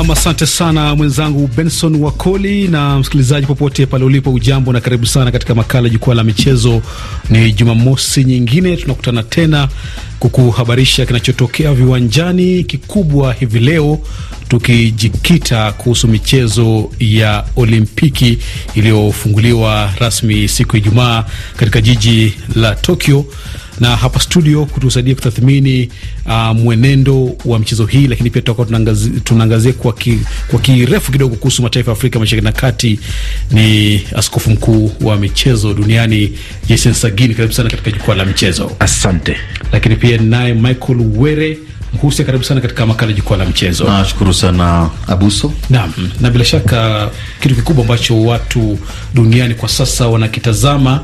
Nam, asante sana mwenzangu Benson Wakoli. Na msikilizaji popote pale ulipo, ujambo na karibu sana katika makala Jukwaa la Michezo. Ni Jumamosi nyingine tunakutana tena kukuhabarisha kinachotokea viwanjani, kikubwa hivi leo tukijikita kuhusu michezo ya Olimpiki iliyofunguliwa rasmi siku ya Ijumaa katika jiji la Tokyo na hapa studio kutusaidia kutathmini uh, mwenendo wa mchezo hii, lakini pia tutakuwa tunaangazia kwa, ki, kwa kirefu kidogo kuhusu mataifa ya Afrika Mashariki na Kati ni askofu mkuu wa michezo duniani Jason Sagini. Karibu sana katika jukwaa la michezo. Asante. Lakini pia naye Michael Were Mhusia, karibu sana katika makala jukwaa la michezo. Nashukuru sana Abuso. Naam, na bila shaka kitu kikubwa ambacho watu duniani kwa sasa wanakitazama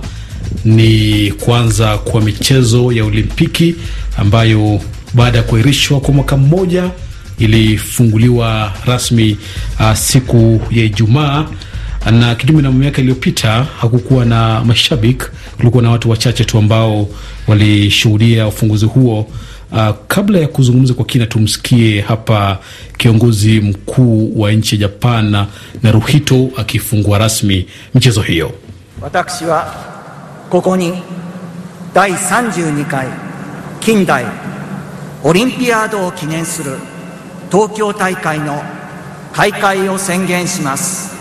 ni kwanza kwa michezo ya Olimpiki ambayo baada ya kuahirishwa kwa mwaka mmoja ilifunguliwa rasmi uh, siku ya Ijumaa na kinyume na miaka iliyopita hakukuwa na mashabiki, kulikuwa na watu wachache tu ambao walishuhudia ufunguzi huo. Uh, kabla ya kuzungumza kwa kina, tumsikie hapa kiongozi mkuu wa nchi ya Japan Naruhito akifungua rasmi michezo hiyo. ここに第32回近代オリンピアードを記念する東京大会の開会を宣言します。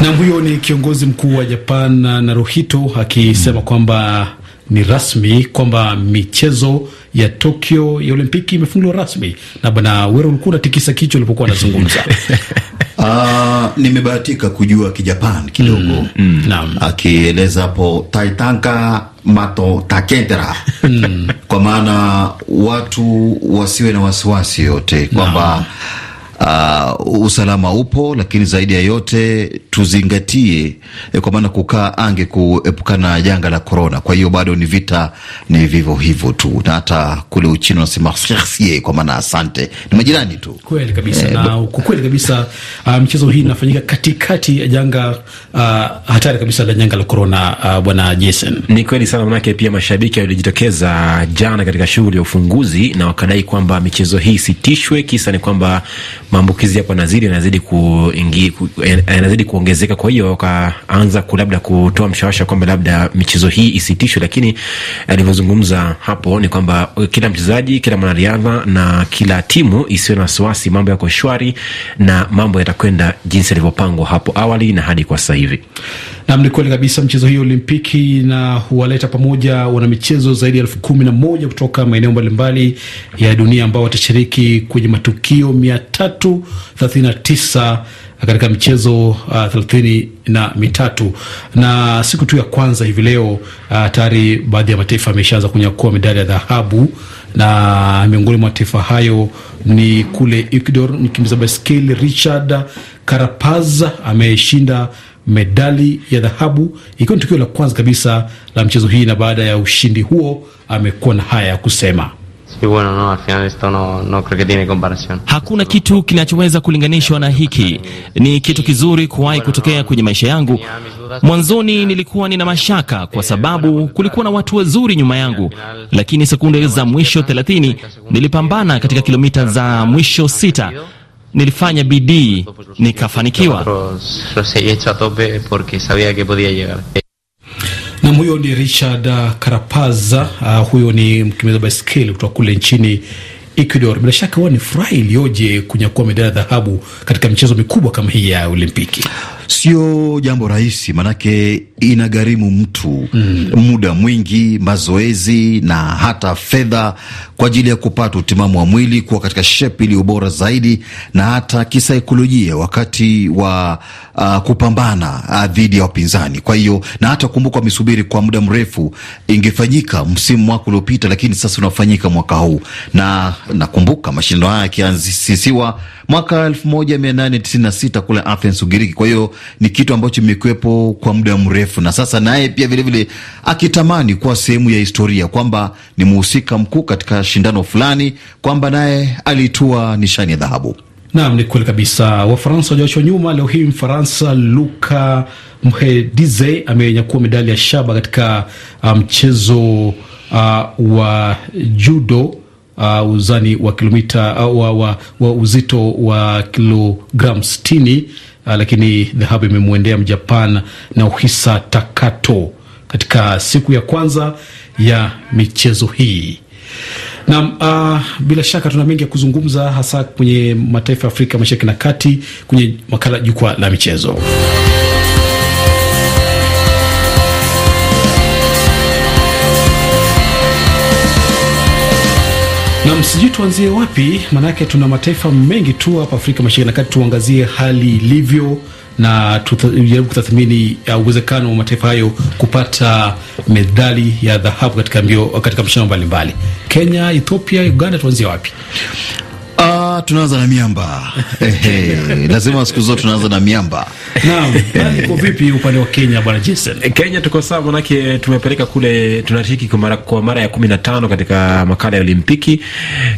Na huyo ni kiongozi mkuu wa Japan Naruhito akisema kwamba ni rasmi kwamba michezo ya Tokyo ya Olimpiki imefunguliwa rasmi, na bwana Wero ulikuwa unatikisa kichwa ulipokuwa anazungumza. Uh, nimebahatika kujua Kijapan kidogo mm, mm, akieleza hapo Taitanka Mato takentera mm. kwa maana watu wasiwe na wasiwasi yote kwamba uh, usalama upo, lakini zaidi ya yote tuzingatie eh, kwa maana kukaa ange kuepukana na janga la korona. Kwa hiyo bado ni vita, ni vivyo hivyo tu, na hata kule Uchina wanasema merci, kwa maana asante, ni majirani tu. Kweli kabisa eh, na kwa kweli kabisa uh, mchezo um, hii inafanyika katikati ya janga uh, hatari kabisa la janga la korona. Uh, bwana Jason, ni kweli sana manake pia mashabiki walijitokeza jana katika shughuli ya ufunguzi na wakadai kwamba michezo hii isitishwe, kisa ni kwamba maambukizi yapo yanazidi yanazidi kuingi eh, eh, yanazidi kuongezeka, kwa hiyo wakaanza labda kutoa mshawasha kwamba labda michezo hii isitishwe, lakini alivyozungumza eh, hapo ni kwamba kila mchezaji, kila mwanariadha na kila timu isiwe na wasiwasi, mambo yako shwari na mambo yatakwenda jinsi yalivyopangwa hapo awali na hadi kwa sasa hivi. Nam, ni kweli kabisa. Mchezo hii Olimpiki na huwaleta pamoja wanamichezo zaidi ya elfu kumi na moja kutoka maeneo mbalimbali ya dunia ambao watashiriki kwenye matukio 339 katika michezo uh, thelathini na mitatu na siku tu ya kwanza hivi leo uh, tayari baadhi ya mataifa yameshaanza kunyakua medali ya dhahabu, na miongoni mwa mataifa hayo ni kule Ecuador, mkimbiza baiskeli Richard Carapaz ameshinda medali ya dhahabu, ikiwa ni tukio la kwanza kabisa la mchezo hii, na baada ya ushindi huo amekuwa na haya ya kusema. Hakuna kitu kinachoweza kulinganishwa na hiki. Ni kitu kizuri kuwahi kutokea kwenye maisha yangu. Mwanzoni nilikuwa nina mashaka kwa sababu kulikuwa na watu wazuri nyuma yangu, lakini sekunde za mwisho 30 nilipambana katika kilomita za mwisho sita nilifanya bidii nikafanikiwa. Nam, huyo ni Richard Karapaza. Uh, uh, huyo ni mkimbiza baiskeli kutoka kule nchini Ecuador. Bila shaka huwa ni furaha iliyoje kunyakua medali ya dhahabu katika michezo mikubwa kama hii ya Olimpiki sio jambo rahisi, maanake inagharimu mtu mm. muda mwingi, mazoezi na hata fedha kwa ajili ya kupata utimamu wa mwili kuwa katika shepu iliyo bora zaidi, na hata kisaikolojia wakati wa uh, kupambana uh, dhidi uh, ya wapinzani. Kwa hiyo na hata kumbuka, misubiri kwa muda mrefu, ingefanyika msimu mwaka uliopita, lakini sasa unafanyika mwaka huu, na nakumbuka mashindano haya yakianzisiwa mwaka 1896 kule Athens, Ugiriki. Kwa hiyo ni kitu ambacho imekuwepo kwa muda mrefu, na sasa naye pia vilevile vile, akitamani kuwa sehemu ya historia kwamba ni mhusika mkuu katika shindano fulani, kwamba naye alitua nishani ya dhahabu. Naam, ni kweli kabisa. Wafaransa wajaachwa nyuma. Leo hii Mfaransa Luka Mhedize amenyakua medali ya shaba katika uh, mchezo um, uh, wa judo uh, uzani wa kilomita uh, wa, wa, wa uzito wa kilogramu sitini uh, lakini dhahabu imemwendea Mjapan na Uhisa Takato katika siku ya kwanza ya michezo hii. nam uh, ah, bila shaka tuna mengi ya kuzungumza hasa kwenye mataifa ya Afrika Mashariki na Kati kwenye makala jukwaa la michezo. Nam, sijui tuanzie wapi, maanake tuna mataifa mengi tu hapa Afrika Mashariki na Kati. Tuangazie hali ilivyo na tujaribu kutathmini uh, uwezekano wa mataifa hayo kupata medali ya dhahabu katika mbio, katika mashindano mbalimbali. Kenya, Ethiopia, Uganda, tuanzie wapi? tunaanza na miamba lazima siku zote tunaanza na miamba. Naam, uko vipi upande wa Kenya bwana Jason? Eh, Kenya tuko sawa, manake tumepeleka kule, tunashiriki kwa mara kwa mara ya kumi na tano katika makala ya Olimpiki,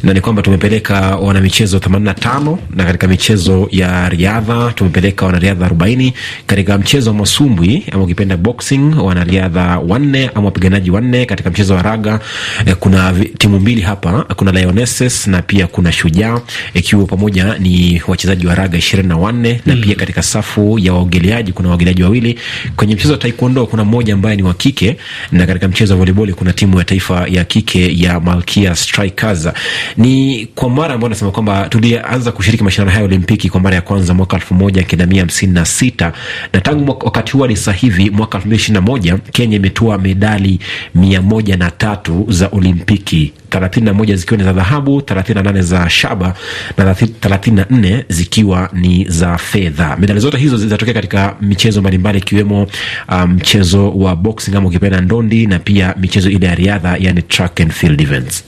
na ni kwamba tumepeleka wanamichezo 85 na katika michezo ya riadha tumepeleka wanariadha 40, katika mchezo wa masumbwi ama ukipenda boxing wanariadha wanne ama wapiganaji wanne, katika mchezo wa raga eh, kuna timu mbili hapa, kuna Lionesses na pia kuna Shujaa ikiwa pamoja ni wachezaji wa raga ishirini na wanne na mm. pia katika safu ya waogeleaji kuna waogeleaji wawili. Kwenye mchezo wa taekwondo kuna mmoja ambaye ni wa kike, na katika mchezo wa volleyball kuna timu ya taifa ya kike ya Malkia Strikers. Ni kwa mara ambayo nasema kwamba tulianza kushiriki mashindano haya Olimpiki kwa mara ya kwanza mwaka elfu moja kenda mia hamsini na sita na tangu wakati huo ni sasa hivi mwaka elfu mbili ishirini na moja Kenya imetua medali mia moja na tatu za Olimpiki. 31 zikiwa ni za dhahabu, 38 za shaba na 34 zikiwa ni za fedha. Medali zote hizo zinatokea katika michezo mbalimbali ikiwemo ah, mchezo um, wa boxing ama ukipenda ndondi na pia michezo ile ya riadha, yani track and field events.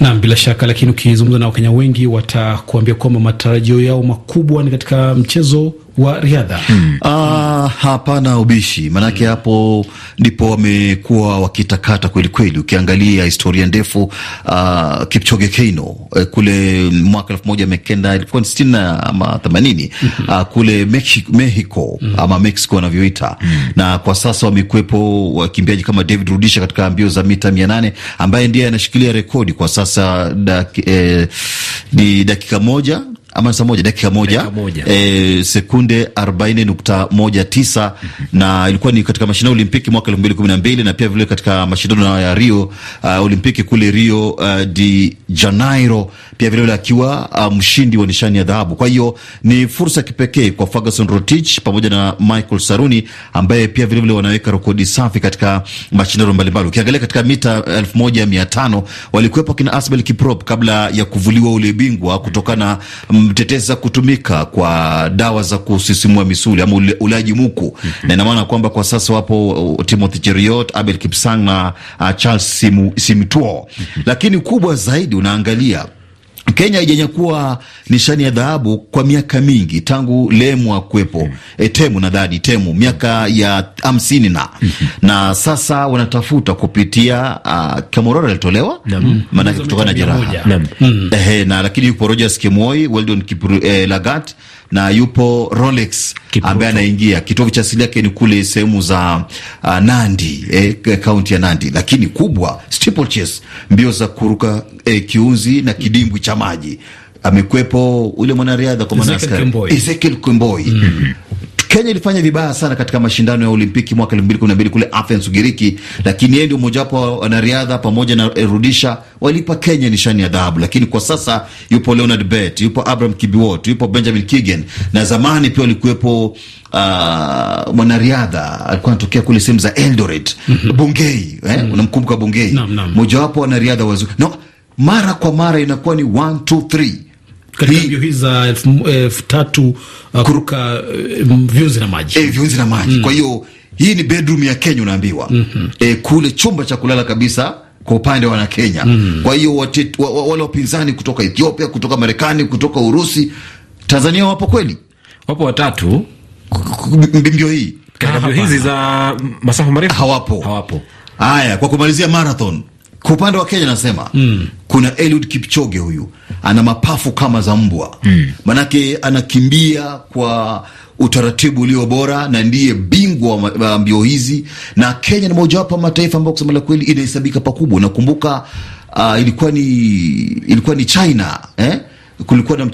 Naam, bila shaka. Lakini ukizungumza na Wakenya wengi watakuambia kwamba matarajio yao makubwa ni katika mchezo wa riadha hmm. Ah, hmm. hapana ubishi maanake, hmm. hapo ndipo wamekuwa wakitakata kweli kweli. Ukiangalia historia ndefu ah, Kipchoge Keino eh, kule mwaka elfu moja mia kenda ilikuwa ni sitini ama themanini hmm. ah, kule Mexico ama Mexico wanavyoita hmm. Na kwa sasa wamekuwepo wakimbiaji kama David Rudisha katika mbio za mita mia nane ambaye ndiye anashikilia rekodi kwa sasa dak, eh, ni dakika moja ama saa moja dakika moja, dakika moja. E, sekunde 40.19 mm-hmm. na ilikuwa ni katika mashindano ya Olimpiki mwaka 2012 na pia vile katika mashindano ya Rio uh, Olimpiki kule Rio uh, de Janeiro pia vilevile akiwa uh, mshindi wa nishani ya dhahabu. Kwa hiyo ni fursa kipekee kwa Ferguson Rotich pamoja na Michael Saruni ambaye pia vilevile wanaweka rekodi safi katika mashindano mbalimbali. Ukiangalia katika mita elfu moja mia tano walikuwepo kina Asbel Kiprop kabla ya kuvuliwa ule bingwa kutokana mtetezi mm, za kutumika kwa dawa za kusisimua misuli ama ulaji muku mm -hmm. na inamaana kwamba kwa sasa wapo uh, Timothy Cheruiyot, Abel Kipsang na ah, Charles Simutuo mm -hmm. lakini kubwa zaidi unaangalia Kenya haijanyakua nishani ya dhahabu kwa miaka mingi tangu Lemwa kwepo mm. e, temu nadhani temu miaka ya hamsini na mm -hmm. na sasa wanatafuta kupitia uh, Kamorora alitolewa mm. maanake kutokana na jeraha mm. na lakini yupo Rogers Kemoi, Weldon Kipru, eh, Lagat na yupo Rolex ambaye anaingia. Kitovu cha asili yake ni kule sehemu za uh, Nandi, eh, kaunti ya Nandi, lakini kubwa steeplechase, mbio za kuruka eh, kiunzi na kidimbwi cha maji amekwepo ule mwanariadha kwa maana askari Ezekiel kimboi mm-hmm. Kenya ilifanya vibaya sana katika mashindano ya Olimpiki mwaka 2012 kule Athens, Ugiriki, lakini yeye ndio mmojawapo wa wanariadha pamoja na Rudisha walipa Kenya nishani ya dhahabu. Lakini kwa sasa yupo Leonard Bett, yupo Abraham Kibiwot, yupo Benjamin Kigen na zamani pia walikuwepo Uh, mwanariadha alikuwa anatokea kule sehemu za Eldoret mm -hmm. Bungei eh? mm -hmm. Unamkumbuka Bungei, mojawapo wanariadha wazuri no, mara kwa mara inakuwa ni 1 2 3 katika mbio hizi za elfu, tatu uh, kuruka um, viunzi na maji eh, viunzi na maji mm. Kwa hiyo hii ni bedroom ya Kenya unaambiwa mm -hmm. Eh, kule chumba cha kulala kabisa kwa upande wa Wanakenya mm -hmm. Kwa hiyo wale wa, wa, wapinzani kutoka Ethiopia, kutoka Marekani, kutoka Urusi, Tanzania wapo kweli, wapo watatu mbio hii hizi za masafa marefu hawapo, hawapo. Haya, kwa kumalizia marathon kwa upande wa Kenya nasema mm. kuna Eliud Kipchoge, huyu ana mapafu kama za mbwa mm. manake anakimbia kwa utaratibu ulio bora na ndiye bingwa wa mbio hizi, na Kenya ni mojawapo mataifa ambayo kusema la kweli inahesabika pakubwa. Nakumbuka uh, ilikuwa ni ilikuwa ni China eh? kulikuwa na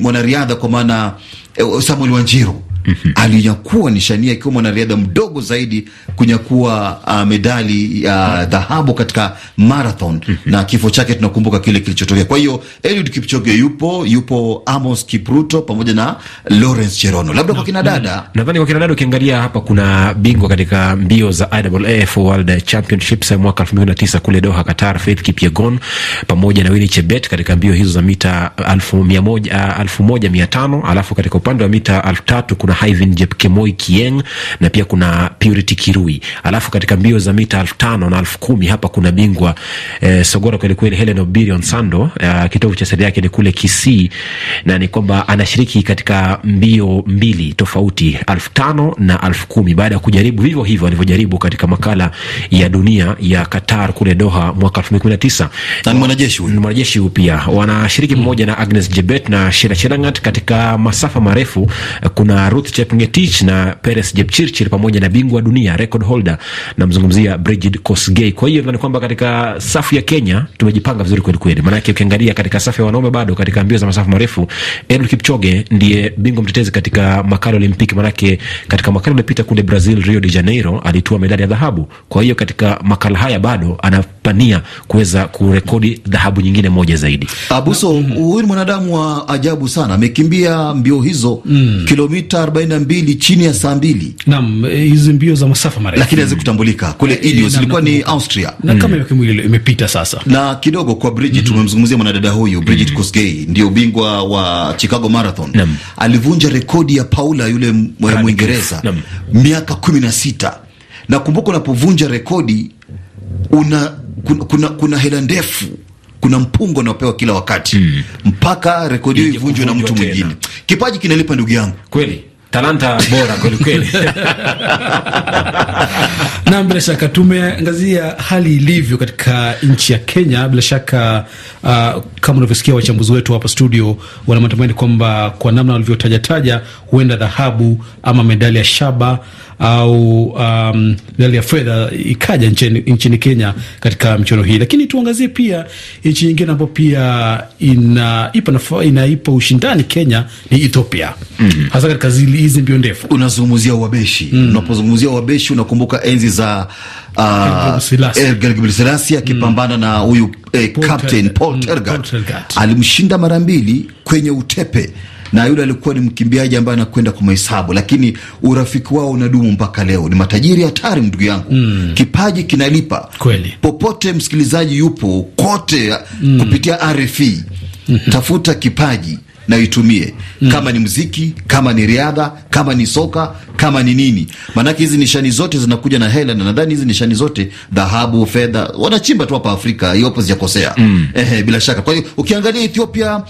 mwanariadha kwa maana eh, Samuel Wanjiru mm -hmm. alinyakua nishania akiwa mwanariadha mdogo zaidi kunyakua uh, medali ya uh, dhahabu katika marathon mm -hmm. na kifo chake tunakumbuka kile kilichotokea. Kwa hiyo Eliud Kipchoge yupo, yupo Amos Kipruto pamoja na Lawrence Cherono, labda kwa kina dada, nadhani kwa kina dada ukiangalia hapa kuna bingwa katika mbio za IAAF World Championships mwaka 2009 kule Doha, Qatar, Faith Kipyegon pamoja na Winnie Chebet katika mbio hizo za mita 1100 1500, uh, alafu katika upande wa mita 3000 kuna Hyvin Jepkemoi Kieng na pia kuna Purity Kirui. Alafu katika mbio za mita elfu tano na elfu kumi hapa kuna bingwa eh, sogora kweli kweli Helen Obirion Sando. Eh, kitovu cha safari yake ni kule Kisii na ni kwamba anashiriki katika mbio mbili tofauti, elfu tano na elfu kumi baada ya kujaribu vivyo hivyo alivyojaribu katika makala ya dunia ya Qatar kule Doha mwaka elfu mbili kumi na tisa. Na mwanajeshi huyu mwanajeshi huyu pia wanashiriki hmm. pamoja na Agnes Jebet na Sheila Chelangat katika masafa marefu. Kuna Ruth Ruth Chepngetich na Peres Jepchirchir pamoja na bingwa dunia record holder, namzungumzia Brigid Kosgei. Kwa hiyo nadhani kwamba katika safu ya Kenya tumejipanga vizuri kweli kweli, maanake ukiangalia katika safu ya wanaume bado katika mbio za masafa marefu Eliud Kipchoge ndiye bingwa mtetezi katika makala Olimpiki, maanake katika makala iliyopita kule Brazil, Rio de Janeiro, alitua medali ya dhahabu. Kwa hiyo katika makala haya bado anapania kuweza kurekodi dhahabu nyingine moja zaidi. Abuso, huyu ni mwanadamu wa ajabu sana, amekimbia mbio hizo mm. kilomita arobaini na chini ya saa mbili. Naam, eh, hizi mbio za masafa marefu lakini kule eh, eh, ilikuwa ni Austria na kama mm. imepita sasa. Na kidogo kwa Bridget mhm. tumemzungumzia mwanadada huyu Bridget mhm. Kosgei, ndio bingwa wa Chicago Marathon, alivunja rekodi ya Paula yule Mwingereza miaka Na kumbuka unapovunja rekodi una kuna, kuna, kuna hela ndefu kuna mpungo unaopewa kila wakati mm, mpaka rekodi hiyo ivunjwe na mtu mwingine. Kipaji kinalipa ndugu yangu, kweli talanta bora kweli kweli. Na bila shaka tumeangazia hali ilivyo katika nchi ya Kenya. Bila shaka uh, kama unavyosikia wachambuzi wetu hapa studio wana matumaini kwamba kwa namna walivyotajataja, huenda dhahabu ama medali ya shaba au um, hali ya fedha ikaja nchini, nchini Kenya katika michuano hii, lakini tuangazie pia nchi nyingine ambayo pia inaipa ina ushindani Kenya ni Ethiopia mm -hmm. hasa katika hizi mbio ndefu unazungumzia Wabeshi mm -hmm. unapozungumzia Wabeshi unakumbuka enzi za Gelgebreselassie uh, mm. akipambana na huyu eh, Captain mm, Paul Tergat alimshinda mara mbili kwenye utepe na yule alikuwa ni mkimbiaji ambaye anakwenda kwa mahesabu, lakini urafiki wao unadumu mpaka leo. Ni matajiri hatari, ndugu yangu mm. Kipaji kinalipa kweli, popote msikilizaji yupo kote ah, mm. kupitia RFI mm -hmm. Tafuta kipaji na itumie mm. Kama ni mziki, kama ni riadha, kama ni soka, kama ni nini, maanake hizi nishani zote zinakuja na hela, na nadhani hizi nishani zote, dhahabu, fedha, wanachimba tu hapa Afrika, iwapo zijakosea mm. bila shaka. Kwa hiyo ukiangalia Ethiopia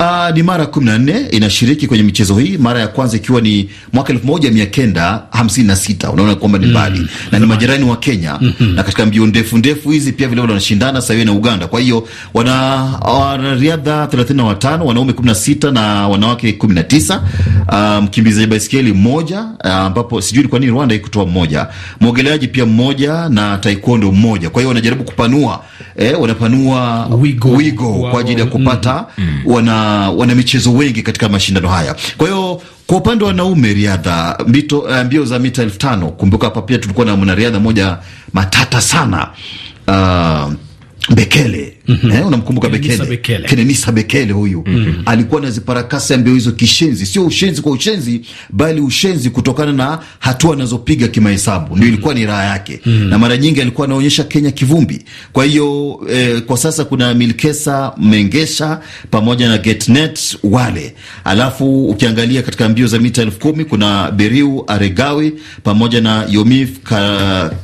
Uh, ni mara 14 inashiriki kwenye michezo hii, mara ya kwanza ikiwa ni mwaka 1956. Unaona kwamba ni mm, mbali mm, na ni majirani wa Kenya mm -hmm. na katika mbio ndefu ndefu hizi pia vile vile wanashindana sawa na Uganda. Kwa hiyo wana wanariadha 35, wanaume 16 na wanawake 19, ah, mkimbizaji um, baisikeli mmoja ah, ambapo uh, sijui ni kwa nini Rwanda ikutoa mmoja, mwogeleaji pia mmoja na taekwondo mmoja. Kwa hiyo wanajaribu kupanua eh, wanapanua wigo, wigo wow, kwa ajili ya kupata mm, wana wanamichezo wengi katika mashindano haya. Kwa hiyo kwa upande wa wanaume riadha mbito, uh, eh, mbio za mita elfu tano. Kumbuka hapa pia tulikuwa na mwanariadha mmoja matata sana uh, Bekele mm -hmm. Eh, unamkumbuka Bekele, Bekele. Kenenisa Bekele huyu mm -hmm. alikuwa na ziparakasi mbio hizo kishenzi, sio ushenzi kwa ushenzi, bali ushenzi kutokana na hatua anazopiga kimahesabu ndio ilikuwa ni raha yake mm -hmm. na mara nyingi alikuwa anaonyesha Kenya kivumbi. Kwa hiyo eh, kwa sasa kuna Milkesa Mengesha pamoja na Getnet wale, alafu ukiangalia katika mbio za mita elfu kumi kuna Beriu Aregawi pamoja na Yomif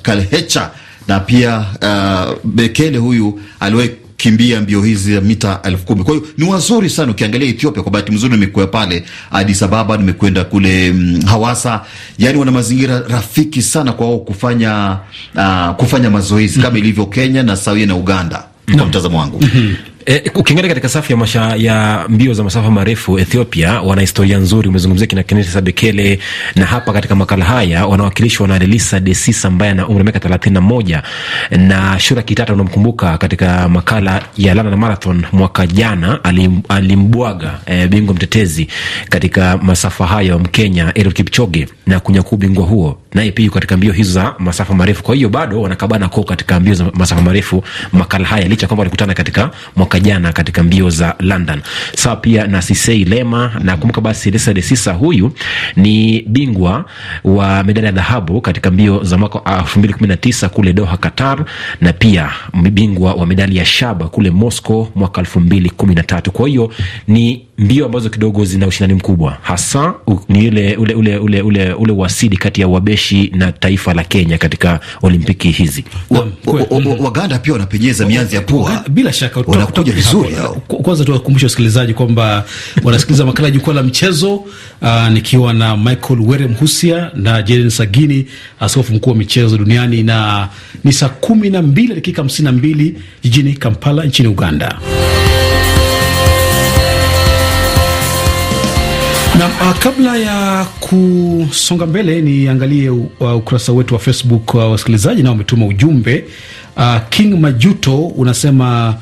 Kalhecha na pia uh, Bekele huyu aliwahi kimbia mbio hizi ya mita elfu kumi. Kwa hiyo ni wazuri sana ukiangalia Ethiopia. Kwa bahati mzuri nimekuwa pale Addis Ababa, nimekwenda kule mm, Hawasa, yaani wana mazingira rafiki sana kwa wao kufanya uh, kufanya mazoezi mm -hmm. kama mhm. ilivyo Kenya na sawia na Uganda mm -hmm. kwa mtazamo wangu mm -hmm. Eh, e, ukiangalia katika safu ya, masha, ya mbio za masafa marefu Ethiopia wana historia nzuri. Umezungumzia kina Kenneth Sabekele na hapa katika makala haya wanawakilishwa na Lelisa Desisa ambaye ana umri wa miaka thelathini na moja na Shura Kitata unamkumbuka katika makala ya London Marathon mwaka jana alim, alimbwaga eh, bingwa mtetezi katika masafa hayo Mkenya Eliud Kipchoge na kunyakua ubingwa huo naye pia katika mbio hizo za masafa marefu. Kwa hiyo bado wanakabana kwa katika mbio za masafa marefu makala haya, licha kwamba walikutana katika mwaka jana katika mbio za London. Sawa pia na Sisei Lema, nakumbuka basi Lisa de Sisa, huyu ni bingwa wa medali ya dhahabu katika mbio za mwaka 2019 ah, na kule Doha, Qatar, na pia bingwa wa medali ya shaba kule Moscow mwaka 2013. Kwa hiyo ni mbio ambazo kidogo zina ushindani mkubwa hasa ni ule, ule, ule, ule, ule, ule wasili kati ya wabeshi na taifa la Kenya katika Olimpiki hizi. Waganda pia wanapenyeza mianzi ya pua, bila shaka wanakuja vizuri. Kwanza tuwakumbusha wasikilizaji kwamba wanasikiliza makala ya Jukwaa la mchezo ah, nikiwa na Michael Were Mhusia na Jeren Sagini, askofu mkuu wa michezo duniani, na ni saa kumi na mbili dakika hamsini na mbili jijini Kampala nchini Uganda. Na ah, kabla ya kusonga mbele niangalie uh, ukurasa wetu wa Facebook uh, wasikilizaji nao wametuma ujumbe uh, King Majuto unasema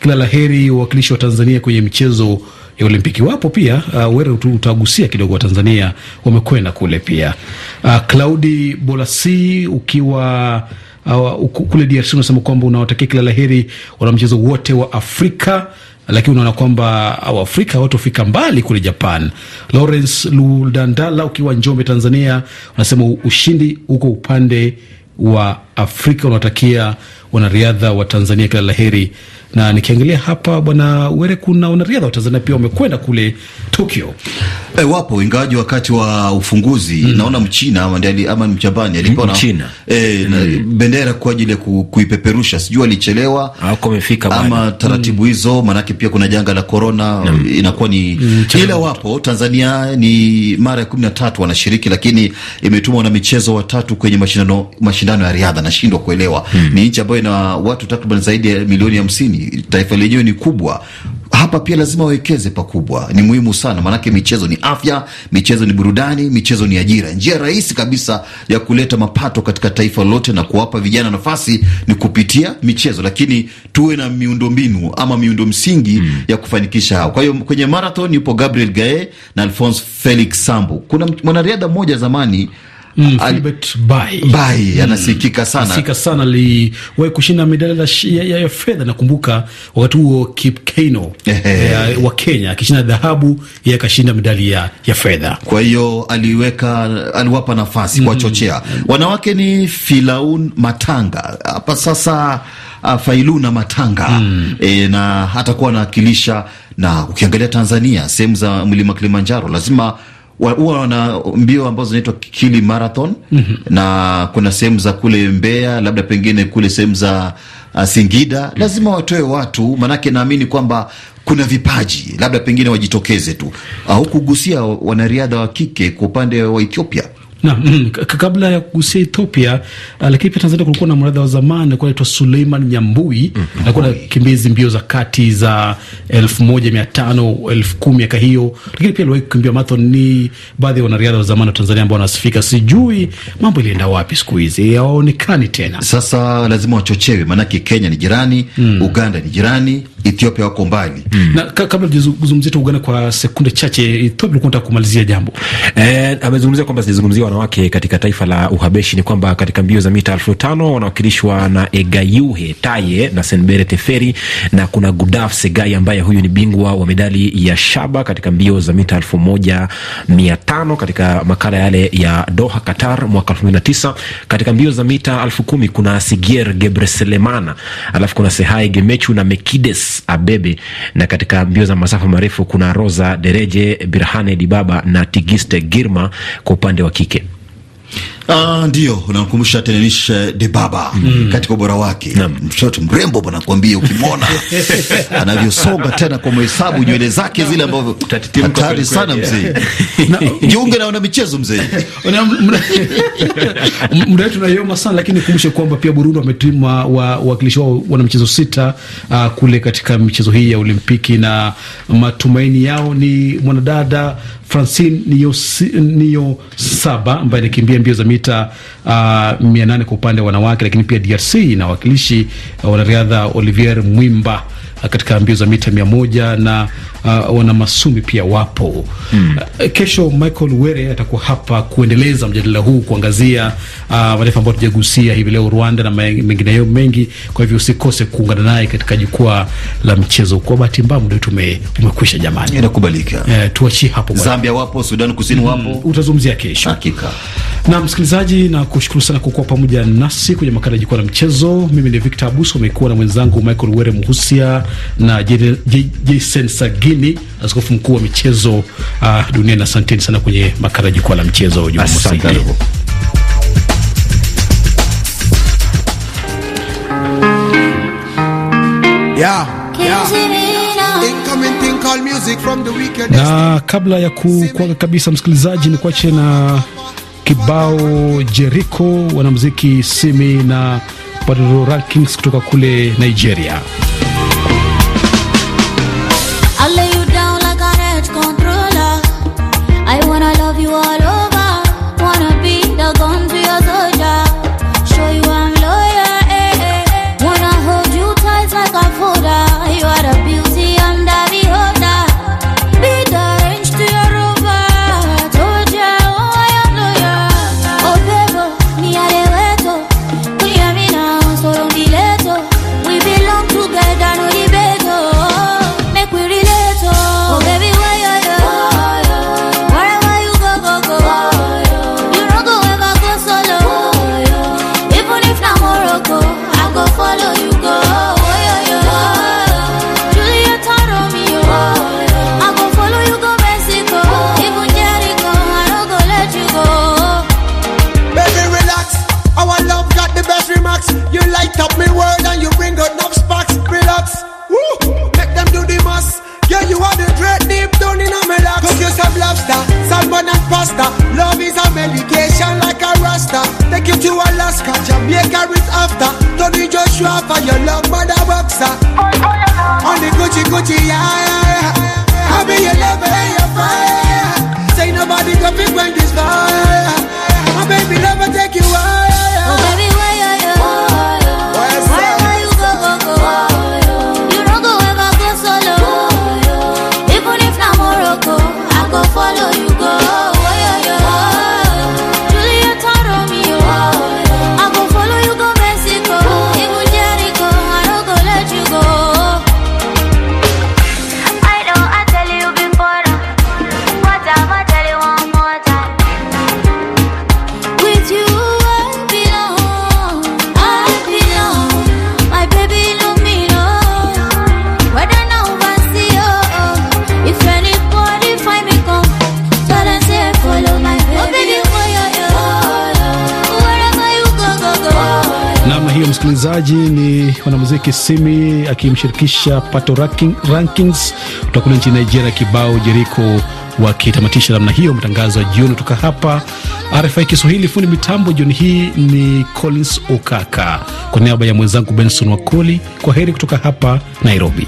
kila laheri wawakilishi wa Tanzania kwenye michezo ya Olimpiki. Wapo pia uh, were utagusia kidogo, wa Tanzania wamekwenda kule pia. Uh, Claudi Bolasi ukiwa uh, kule DRC unasema kwamba unawatakia kila laheri wanamchezo wote wa Afrika lakini unaona kwamba Waafrika hawatofika mbali kule Japan. Lawrence ludandala ukiwa Njombe, Tanzania, unasema ushindi uko upande wa Afrika, unawatakia wanariadha wa Tanzania kila laheri na nikiangalia hapa, Bwana Were, kuna wanariadha wa Tanzania pia wamekwenda kule Tokyo. E, wapo ingawaji wakati wa ufunguzi mm. naona Mchina ama ndiye ama mchabani alipewa na, mchina. e, na mm. bendera kwa ajili ya ku, kuipeperusha, sijui alichelewa ama taratibu mhm. hizo mm. maanake pia kuna janga la korona mm. inakuwa ni mm, ila wapo Tanzania ni mara ya kumi na tatu wanashiriki, lakini imetumwa na michezo watatu kwenye mashindano mashindano ya riadha, nashindwa kuelewa mm. ni nchi ambayo ina watu takriban zaidi ya milioni hamsini taifa lenyewe ni kubwa. Hapa pia lazima wawekeze pakubwa, ni muhimu sana maanake michezo ni afya, michezo ni burudani, michezo ni ajira. Njia rahisi kabisa ya kuleta mapato katika taifa lote na kuwapa vijana nafasi ni kupitia michezo, lakini tuwe na miundombinu ama miundo msingi mm, ya kufanikisha hao. Kwa hiyo kwenye marathon yupo Gabriel Gae na Alphonse Felix Sambu. Kuna mwanariadha mmoja zamani Mm. albert Filbert Bayi Bayi mm. anasikika sana, anasikika sana, aliwahi kushinda medali ya, ya, fedha nakumbuka wakati huo Kipkeino eh, wa Kenya akishinda dhahabu, yeye akashinda medali ya, ya fedha. Kwa hiyo aliweka aliwapa nafasi mm, kuwachochea wanawake ni Filaun Matanga hapa sasa Uh, Failuna Matanga mm. E, na hatakuwa anawakilisha, na ukiangalia Tanzania sehemu za mlima Kilimanjaro lazima huwa wana mbio ambazo zinaitwa Kili Marathon mm -hmm. na kuna sehemu za kule Mbeya, labda pengine kule sehemu za uh, Singida, lazima watoe watu, manake naamini kwamba kuna vipaji, labda pengine wajitokeze tu, au kugusia wanariadha wa kike kwa upande wa Ethiopia na, mm, kabla ya kugusia Ethiopia uh, lakini pia Tanzania kulikuwa na mradha wa zamani alikuwa anaitwa Suleiman Nyambui mm -hmm. alikuwa anakimbizi mbio za kati za elfu moja mia tano elfu kumi miaka hiyo, lakini pia aliwahi kukimbia marathon. Ni baadhi ya wanariadha wa zamani wa Tanzania ambao wanasifika, sijui mambo ilienda wapi siku hizi, hawaonekani tena. Sasa lazima wachochewe, maanake Kenya ni jirani mm. Uganda ni jirani Ethiopia wako mbali mm. Na kabla tujazungumzia Uganda kwa sekunde chache, Ethiopia ulikuwa unataka kumalizia jambo eh, amezungumzia kwamba zilizungumzia wanawake katika taifa la Uhabeshi. Ni kwamba katika mbio za mita elfu tano wanawakilishwa na Egayuhe Taye na Senbere Teferi, na kuna Gudaf Segai ambaye huyu ni bingwa wa medali ya shaba katika mbio za mita elfu moja mia tano katika makala yale ya Doha, Qatar mwaka elfu mbili na tisa. Katika mbio za mita elfu kumi kuna Sigier Gebreselemana, alafu kuna Sehai Gemechu na Mekides Abebe, na katika mbio za masafa marefu kuna Rosa Dereje, Birhane Dibaba na Tigiste Girma kwa upande wa kike. Uh, ndio unamkumbusha Tenish de Baba mm. katika ubora wake mm. mtoto mrembo bwana, nakwambia ukimwona anavyosonga tena kwa mahesabu nywele zake zile ambavyo hatari sana mzee. Jiunge na wanamichezo mzee, muda wetu unayoma sana, lakini nikumbushe kwamba pia Burundi wametuma wawakilishi wao wanamichezo sita uh, kule katika michezo hii ya Olimpiki na matumaini yao ni mwanadada Francine Niyonsaba ambaye anakimbia mbio za mita uh, ah, 800 kwa upande wa wanawake, lakini pia DRC inawakilishi uh, eh, wanariadha Olivier Mwimba uh, katika mbio za mita 100 na uh, wana Masumi pia wapo mm. Uh, kesho Michael Were atakuwa hapa kuendeleza mjadala huu kuangazia uh, mataifa ambayo tujagusia hivi leo Rwanda na mengineyo mengi. Kwa hivyo usikose kuungana naye katika jukwaa la mchezo. Kwa bahati mbaya muda wetu umekwisha, jamani, inakubalika uh, tuachie hapo. Zambia wapo, Sudan Kusini mm-hmm. wapo, mm, utazungumzia kesho hakika. Na msikilizaji, na kushukuru sana kwa kuwa pamoja nasi kwenye makala ya jukwaa la mchezo. Mimi ni Victor Abuso, umekuwa na mwenzangu Michael Were Muhusia na Jason Sagi Makini, askofu mkuu wa michezo uh, ah, duniani. Asanteni sana kwenye makala jukwaa la mchezo Jumamosi. Na kabla ya kukwaga kabisa, msikilizaji, ni kuache na kibao Jericho, wanamuziki Simi na Padro Rankings kutoka kule Nigeria. Where is after? Don't need Joshua for your love. msikilizaji, ni wanamuziki Simi akimshirikisha Pato ranking, Rankings kutoka kule nchini Nigeria, kibao Jeriko wakitamatisha namna hiyo matangazo ya jioni kutoka hapa RFI Kiswahili. Fundi mitambo jioni hii ni Collins Okaka, kwa niaba ya mwenzangu Benson Wakoli, kwa heri kutoka hapa Nairobi.